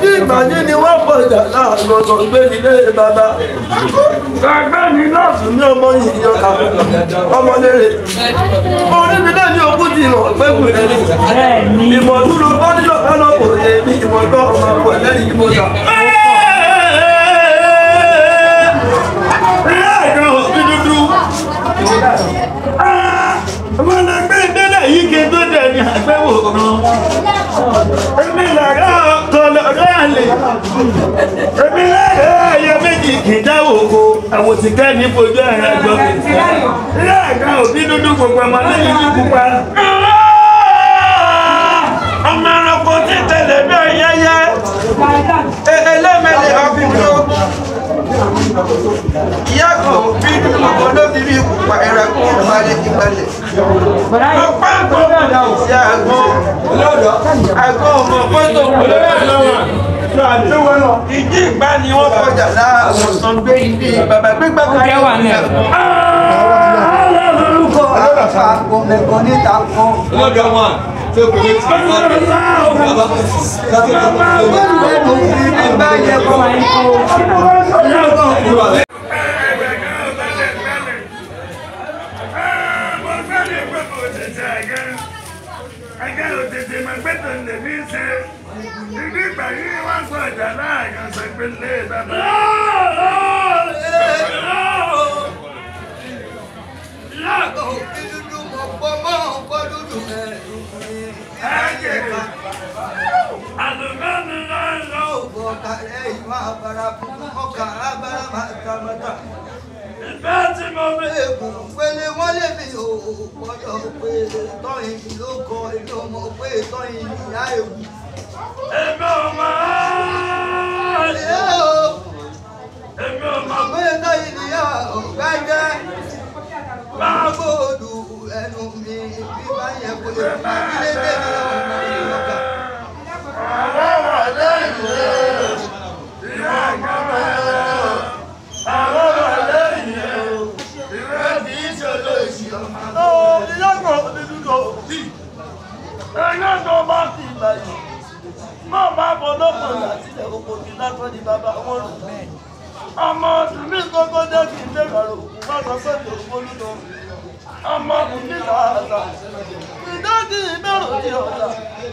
ìdí ìgbàdí ni wọ́n pọ̀ ìjà láàrin ọ̀sọ̀ gbé nílé bàbá. Gbàgbé ni láàfin ní ọmọ yìí yọ ọmọ lérè. Orí mi náà ní ogún ti hàn pé kù lẹ́nu. Ìmọ̀ dúró bọ́ nílò kánò kò lè ní ìmọ̀ gbọ́ ọmọ pọ̀ lẹ́yìn ìmọ̀ta. Ọmọ náà gbé ìdẹ́lẹ̀ yìí kí n tó dẹ̀ ní àgbẹ̀wò kan. Èmi làrá o ọlọ́dọ́ àlè èmi lẹ́yìn ẹyẹ méjì kì í dáwọ́ oko ní fojú ẹ̀rọ ẹ̀gbọ́n mi lẹ́ẹ̀kan òbí dúdú gbogbo ọmọ lẹ́yìn ní pupa. sọ gbé ilé bàbá gbégbá kárí ọ̀gá olùkọ́ ọlọ́fà ọ̀lẹ́kọ̀ níta kan. lọ́dọ̀ wọn tó kò ní wá gbọ́dọ̀ láàyàn sọ lé bàbá. kẹ̀kẹ́ àlùmọ́ mi náà lọ. ọ̀pọ̀ kàlẹ́ ìwà àbára ọkà àbára màtàmátà. ìfẹ́ tí mo mi. èèkùn pélé wọ́n lé mi ò gbọ́dọ̀ pé tọ́yìn ló kọ ilé ọmọ pé tọ́yìn ìyá ewu. èmi ò mọ̀ ọ́. èmi ò mọ̀ pé tọ́yìn ìyá ọ̀gá jẹ́. Báwo dùn ẹnu mi bí báyẹn kò lè máa bí lé tẹ̀lé ọ̀hún ẹ̀yán tó bá ti ìgbà yìí máa bá bọ́lọ́pọ̀ látílẹ̀ oko ti látọ́ di bàbá wọn rò bẹ́ẹ̀. ọmọ ọdún mi kókó jẹ́ kí n tẹ̀rọ òkú bá sọ pé kò gbólú lọ.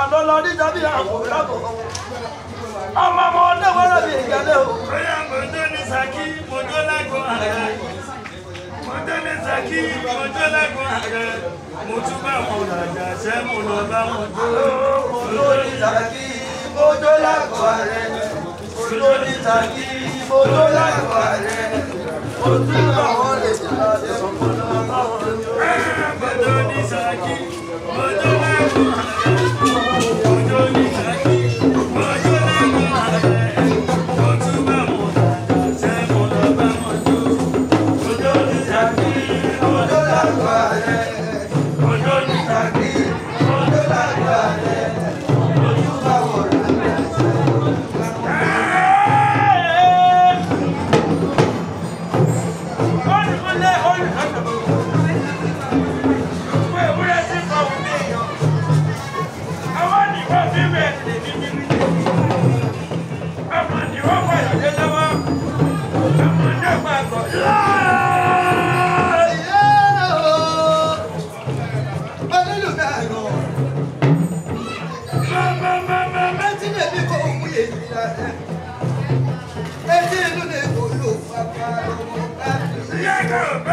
àná lọ ní tàbí àkùrẹ́ lábọ̀ ọmọ ọmọ ọdẹ wọlé mi ìgbàlẹ̀ o. bóyá mọ̀jọ́ ní sàkí mọ̀jọ́ lágbo àrẹ mọ̀jọ́ ní sàkí mọ̀jọ́ lágbo àrẹ mo tún bá wọn làjà ṣẹ́ mo lọ bá wọn jó. mọ̀jọ́ ní sàkí mọ̀jọ́ lágbo àrẹ mọ̀jọ́ ní sàkí mọ̀jọ́ lágbo àrẹ mo tún bá wọn.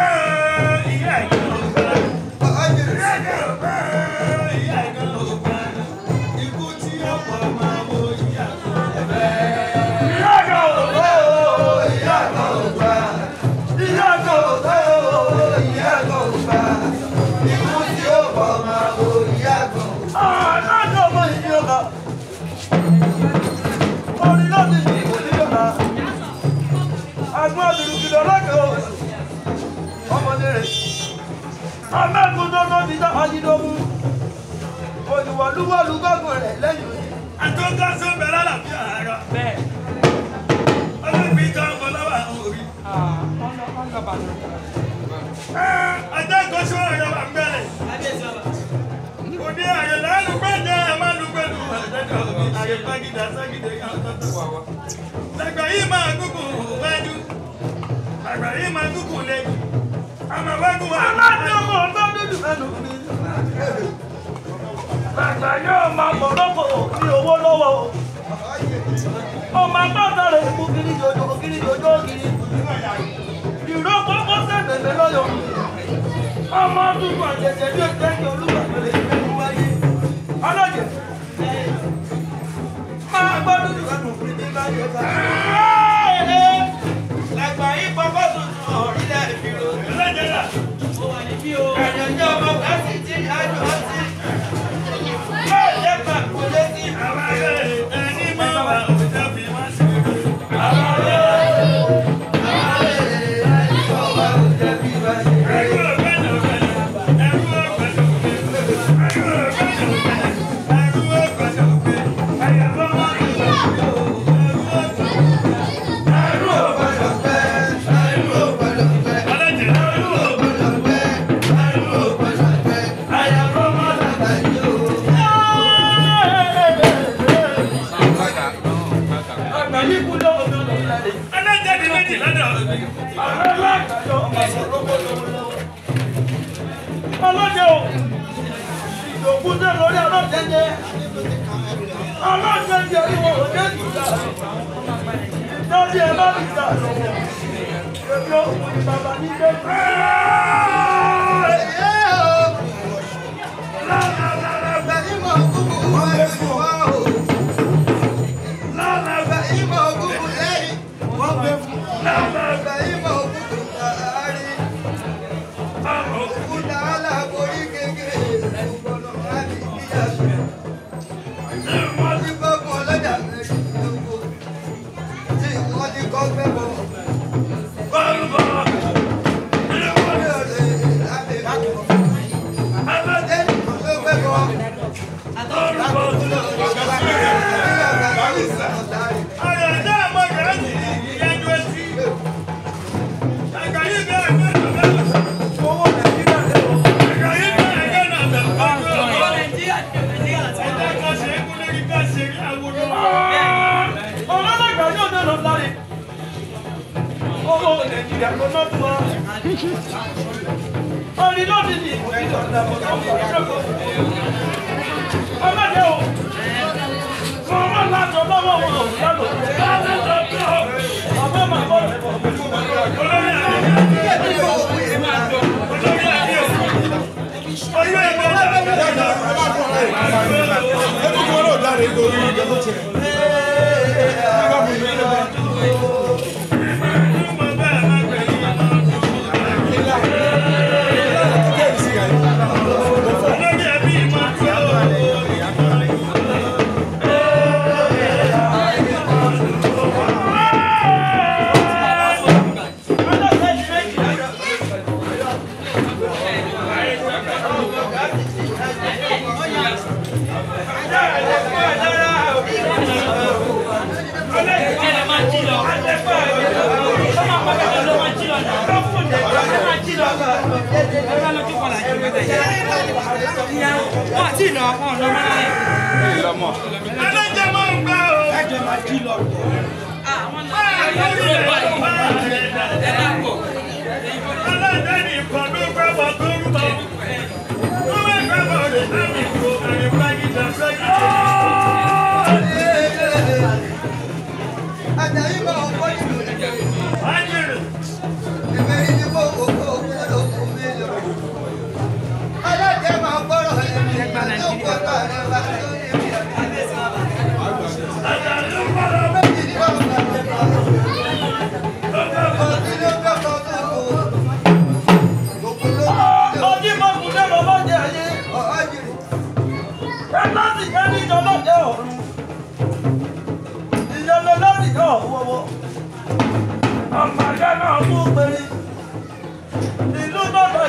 Hey! amẹ́kúndóná bíi táfàjídógún olùwọ̀lúwọ̀lú gbọ́gbọ̀n rẹ̀ lẹ́yìn òní. àtúntò sọ́bẹ̀rẹ̀ àlàáfíà rẹ̀. bẹ́ẹ̀. olùbí tó ń bọ̀ lọ́wọ́ àwọn òbí. àtẹ́kọ̀ọ́sọ ọ̀yọ́ wà gbẹ̀rẹ̀. òní àyè lálùgbẹ́jẹ́ ẹ̀ má lùgbẹ́lù àyè pàgídà ságídé kan tó ti wà wá. àgbà yìí máa gúgùn wájú àgbà yìí máa gúgùn lẹ́yìn lẹ́nu mi. Bàbá yóò máa bọ̀ lọ́kọ̀ ní owó lọ́wọ́. Ó máa gbọ́dọ̀ rẹ̀ mú kiri jòjò kiri jòjò kiri. Ìró kọ́kọ́ sẹ̀dẹ̀dẹ̀ lọ́yọ̀. Ọmọ dúdú àjẹjẹ bí ó jẹ́ kí olúwàgbẹ̀rẹ̀ ìgbẹ́ mú wáyé. Ọlọ́jẹ̀ máa gbọ́dọ̀ jù lẹ́nu kiri bí bá yẹ ká bí o. Àyànjọ́ ọmọ fásitì àjọ ti. Oh méjì lọ́dọ̀. ọlọ́dẹ o ìdògùn náà lórí ọlọ́dẹ jẹ ọlọ́dẹ jẹ ìwọ òde jùlọ lórí ẹ bá mi gbà èmi ò kú ní bàbá mi gbé. Lára lára bẹ̀rẹ̀ mọ̀ kúkú wọ́n ẹ̀ fún wa o. ìyàgò náà tó wá. orin náà ti di ìwé ìdọ̀tàbọ̀ náà wọ̀ ìjọba. ọlọ́dẹ o kọ́ wọn lájọ lọ́wọ́ wọn ò lọ́dọ̀. láti sọ pé ọ àbọ̀ máa bọ̀ olórí àdé o olórí àdé o. olórí àdé o. olórí àdé o. olórí àdé o. ìyàwó wọn àti ìlọ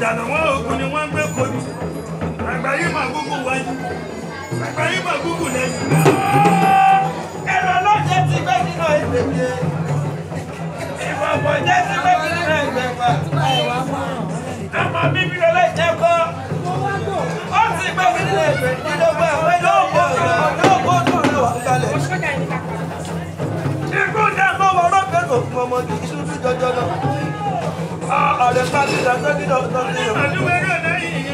ìdànà wọn òògùn ni wọ́n gbé kojú àgbáyé màgúgù wájú àgbáyé màgúgù lẹ́yìn. ẹ̀rọ lọ́jẹ́ ti gbé nínú ìdèmí ìwọ̀pọ̀ jẹ́ ti gbé nínú ẹgbẹ̀fà. àmọ́ bíbí ọlọ́jẹ́ kọ́ ó ti gbé nínú ẹgbẹ̀dínlógún àwọn yóò bọ̀ yóò bọ̀ tó rẹ̀ wà kalẹ̀. ikú dàgbọ́ wọ́n rọ́pẹ́ lòkùn ọmọ kì í ṣubú jọjọ lọ. Ah, ah, the party that's not enough.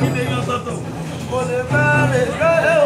kí lèèyàn sọ̀tọ̀ kò lè fẹ́ lè fẹ́ ẹ̀.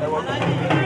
何